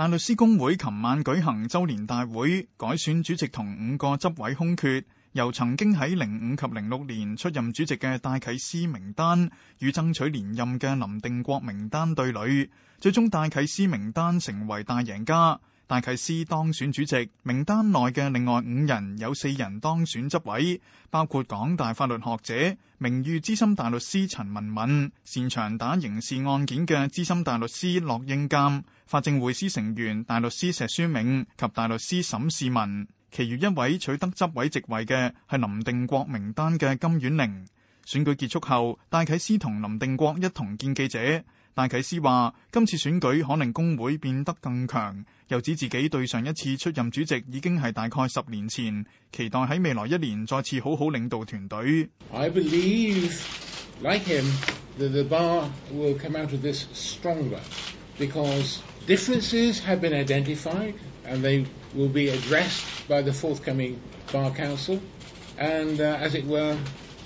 大律師公會琴晚舉行周年大會，改選主席同五個執委空缺，由曾經喺零五及零六年出任主席嘅戴啟思名單與爭取連任嘅林定國名單對壘，最終戴啟思名單成為大贏家。戴啟思當選主席，名單內嘅另外五人有四人當選執委，包括港大法律學者、名譽資深大律師陳文敏、擅長打刑事案件嘅資深大律師駱應淦、法政匯思成員大律師石書銘及大律師沈士文，其餘一位取得執委席位嘅係林定國名單嘅金婉玲。選舉結束後，戴啟思同林定國一同見記者。戴啟思話今次選舉可能公會變得更強，又指自己對上一次出任主席已經係大概十年前，期待喺未來一年再次好好領導團隊。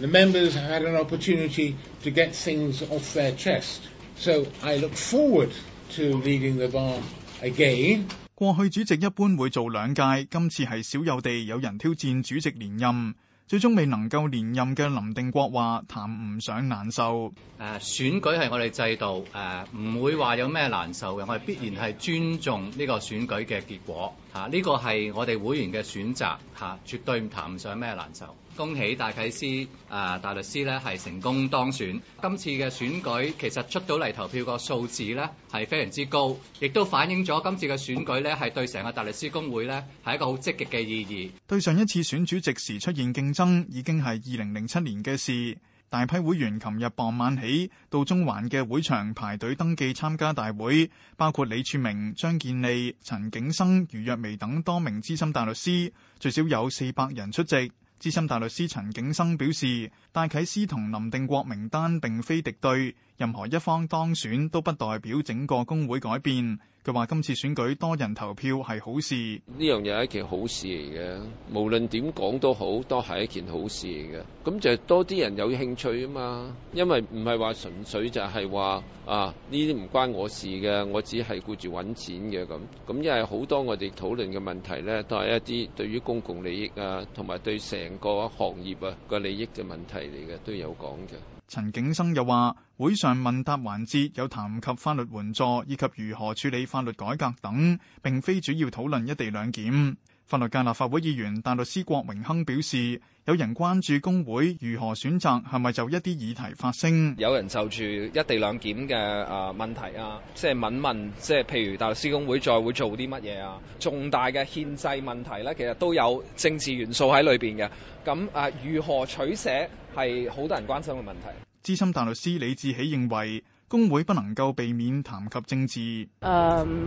The members had an opportunity to get things off their chest, so I look forward to leading the bar again. 過去主席一般會做兩屆，今次係少有地有人挑戰主席連任，最終未能夠連任嘅林定國話談唔上難受。誒，選舉係我哋制度，誒、呃、唔會話有咩難受嘅，我哋必然係尊重呢個選舉嘅結果。嚇、啊，呢、這個係我哋會員嘅選擇，啊，絕對唔談唔上咩難受。恭喜戴啟思啊！大律師呢，係成功當選。今次嘅選舉其實出到嚟投票個數字呢，係非常之高，亦都反映咗今次嘅選舉呢，係對成個大律師公會呢，係一個好積極嘅意義。對上一次選主席時出現競爭，已經係二零零七年嘅事，大批會員琴日傍晚起到中環嘅會場排隊登記參加大會，包括李柱銘、張建利、陳景生、余若薇等多名資深大律師，最少有四百人出席。資深大律師陳景生表示，戴啟思同林定國名單並非敵對，任何一方當選都不代表整個公會改變。佢話：今次選舉多人投票係好事，呢樣嘢係一件好事嚟嘅。無論點講都好，都係一件好事嚟嘅。咁就多啲人有興趣啊嘛。因為唔係話純粹就係話啊呢啲唔關我事嘅，我只係顧住揾錢嘅咁。咁因為好多我哋討論嘅問題呢，都係一啲對於公共利益啊，同埋對成個行業啊個利益嘅問題嚟嘅，都有講嘅。陳景生又話，會上問答環節有談及法律援助以及如何處理法律改革等，並非主要討論一地兩檢。法律界立法會議員大律師郭榮鏗表示，有人關注公會如何選擇係咪就一啲議題發聲，有人就住一地兩檢嘅啊問題啊，即係問問，即係譬如大律師公會再會做啲乜嘢啊，重大嘅憲制問題咧，其實都有政治元素喺裏邊嘅，咁啊，如何取捨係好多人關心嘅問題。資深大律師李志喜認為，公會不能夠避免談及政治。誒、um。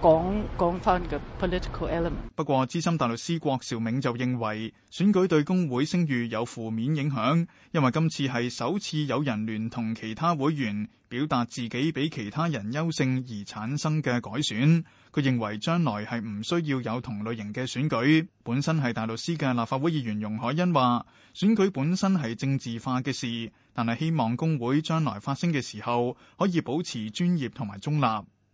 講講翻嘅 political element。不過，資深大律師郭兆銘就認為，選舉對公會聲譽有負面影響，因為今次係首次有人聯同其他會員表達自己比其他人優勝而產生嘅改選。佢認為將來係唔需要有同類型嘅選舉。本身係大律師嘅立法會議員容海恩話：選舉本身係政治化嘅事，但係希望公會將來發聲嘅時候可以保持專業同埋中立。